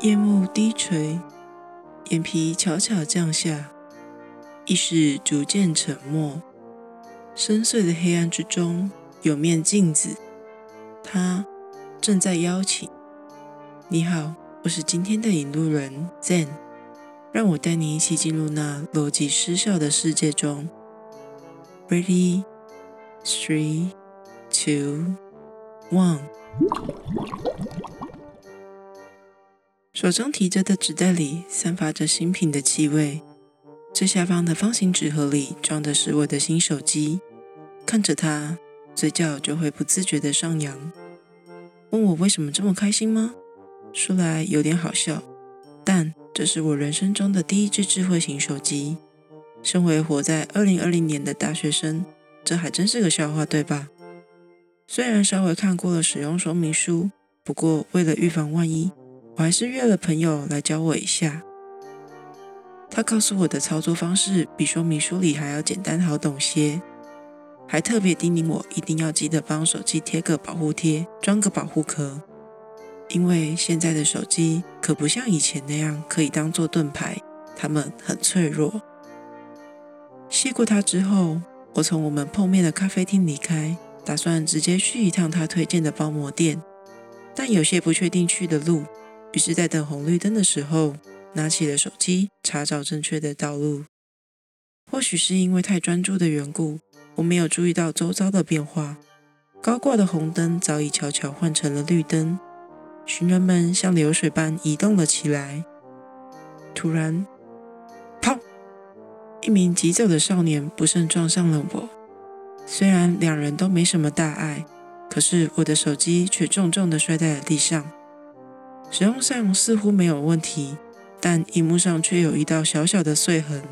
夜幕低垂，眼皮悄悄降下，意識逐漸沉默。深邃的黑暗之中，有面鏡子，它正在邀請：“你好，我是今天的引路人 Zen，讓我帶你一起進入那邏輯失效的世界中。” Ready, three, two. One，、wow、手中提着的紙袋裡散發着新品的氣味，最下方的方形紙盒裡裝的是我的新手機。看着它，嘴角就會不自覺的上揚。問我為什麼這麼開心嗎？說來有點好笑，但這是我人生中的第一支智慧型手機。身為活在二零二零年的大學生，這還真是個笑話，對吧？雖然稍微看過了使用說明書，不過為了預防萬一，我還是約了朋友來教我一下。他告訴我的操作方式比說明書裡還要簡單好懂些，還特別叮嚀我一定要記得幫手機貼個保護貼，裝個保護殼，因為現在的手機可不像以前那樣可以當做盾牌，它們很脆弱。謝過他之後，我從我們碰面的咖啡廳離開。打算直接去一趟他推薦的包膜店，但有些不確定去的路，於是，在等紅綠燈的時候，拿起了手機查找正確的道路。或許是因為太專注的緣故，我沒有注意到周遭的變化，高掛的紅燈早已悄悄換成了綠燈，行人們像流水般移動了起來。突然，砰！一名急走的少年不慎撞上了我。雖然兩人都沒什麼大礙，可是我的手機卻重重地摔在了地上。使用上似乎沒有問題，但熒幕上卻有一道小小的碎痕。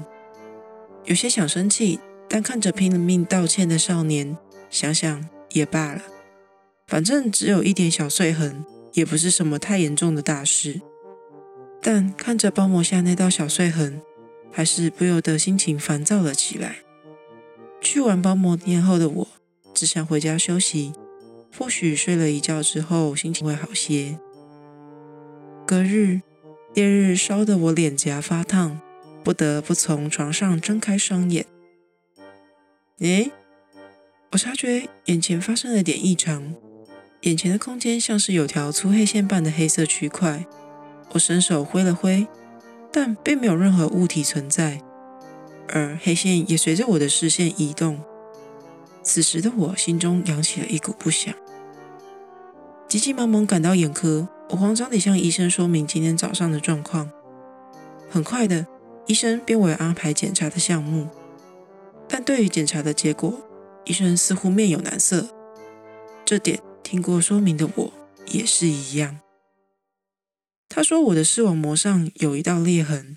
有些想生氣，但看着拼了命道歉的少年，想想也罷了。反正只有一點小碎痕，也不是什麼太嚴重的大事。但看着包膜下那道小碎痕，還是不由得心情煩躁了起來。去完包膜店後的我，只想回家休息。或許睡了一覺之後，心情會好些。隔日，烈日燒得我臉頰發燙，不得不從床上睜開雙眼。咦？我察覺眼前發生了點異常，眼前的空間像是有條粗黑線般的黑色區塊。我伸手揮了揮，但並沒有任何物體存在。而黑線也隨着我的視線移動。此時的我心中揚起了一股不祥，急急忙忙趕到眼科，我慌張地向醫生說明今天早上的狀況。很快的，醫生便為我安排檢查的項目，但對於檢查的結果，醫生似乎面有難色。這點聽過說明的我也是一樣。他說我的視網膜上有一道裂痕。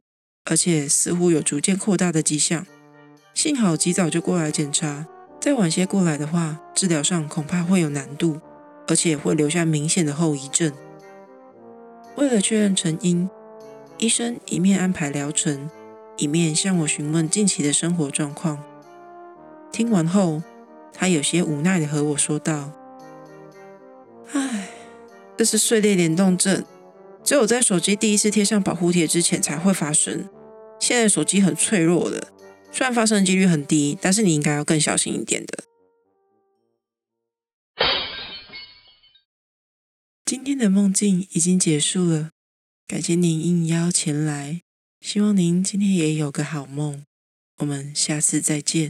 而且似乎有逐漸擴大的跡象，幸好及早就過來檢查，再晚些過來的話，治療上恐怕會有難度，而且會留下明顯的後遺症。為了確認成因，醫生一面安排療程，一面向我詢問近期的生活狀況。聽完後，他有些無奈地和我說道：“唉，這是碎裂聯動症。”只有在手機第一次貼上保護貼之前才會發生。現在手機很脆弱的，雖然發生的幾率很低，但是你應該要更小心一點的。今天的夢境已經結束了，感謝您應邀前來，希望您今天也有個好夢。我們下次再見。